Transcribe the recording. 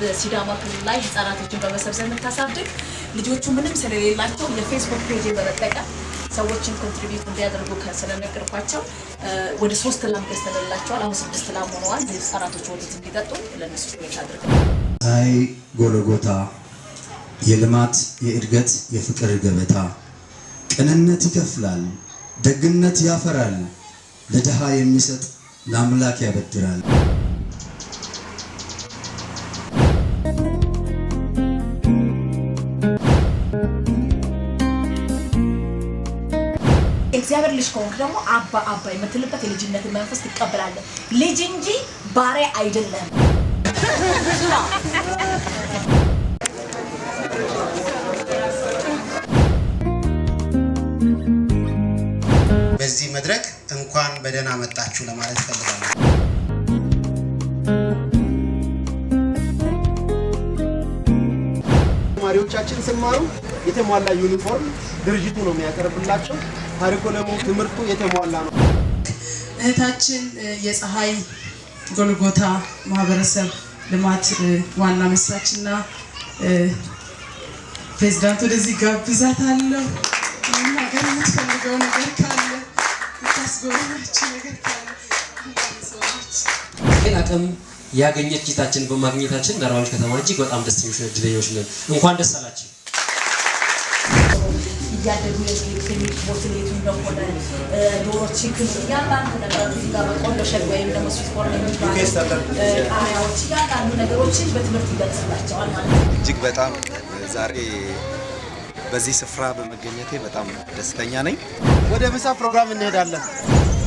በሲዳማ ክልል ላይ ህጻናቶችን በመሰብሰብ የምታሳድግ ልጆቹ ምንም ስለሌላቸው የፌስቡክ ፔጅ በመጠቀም ሰዎችን ኮንትሪቢዩት እንዲያደርጉ ስለነገርኳቸው ወደ ሶስት ላም ገዝተንላቸዋል። አሁን ስድስት ላም ሆነዋል። ህጻናቶች ወተት እንዲጠጡ ለነሱ ሜት አድርገው ፀሐይ ጎልጎታ የልማት የእድገት የፍቅር ገበታ ቅንነት ይከፍላል፣ ደግነት ያፈራል፣ ለድሃ የሚሰጥ ለአምላክ ያበድራል። የእግዚአብሔር ልጅ ከሆንክ ደግሞ አባ አባ የምትልበት የልጅነትን መንፈስ ትቀበላለህ። ልጅ እንጂ ባሪያ አይደለም። በዚህ መድረክ እንኳን በደህና መጣችሁ ለማለት ፈልጋለሁ። ተማሪዎቻችን ስማሩ የተሟላ ዩኒፎርም ድርጅቱ ነው የሚያቀርብላቸው። ካሪኩለሙ ትምህርቱ የተሟላ ነው። እህታችን የፀሐይ ጎልጎታ ማህበረሰብ ልማት ዋና መስራች መስራችና ፕሬዚዳንት ወደዚህ ጋብዛታለሁ። መናገር የምትፈልገው ነገር ካለ ታስጎበናችን ነገር ካለ አቅም ያገኘች ጌታችን በማግኘታችን ነራዎች ከተማ እጅግ በጣም ደስተኞች ነን፣ እድለኞች ነን። እንኳን ደስ አላችሁ። እያደጉ የሚሄዱት የሚችሉት ቤቱ እንደሆነ ዶሮ፣ ቺክን እያንዳንዱ ነገር እዚህ ጋር በቆሎ ሸግ ወይም ደግሞ ስዊትኮር ቃሪያዎች እያንዳንዱ ነገሮችን በትምህርት ይገልጽላቸዋል ማለት ነው። እጅግ በጣም ዛሬ በዚህ ስፍራ በመገኘቴ በጣም ደስተኛ ነኝ። ወደ ምሳ ፕሮግራም እንሄዳለን።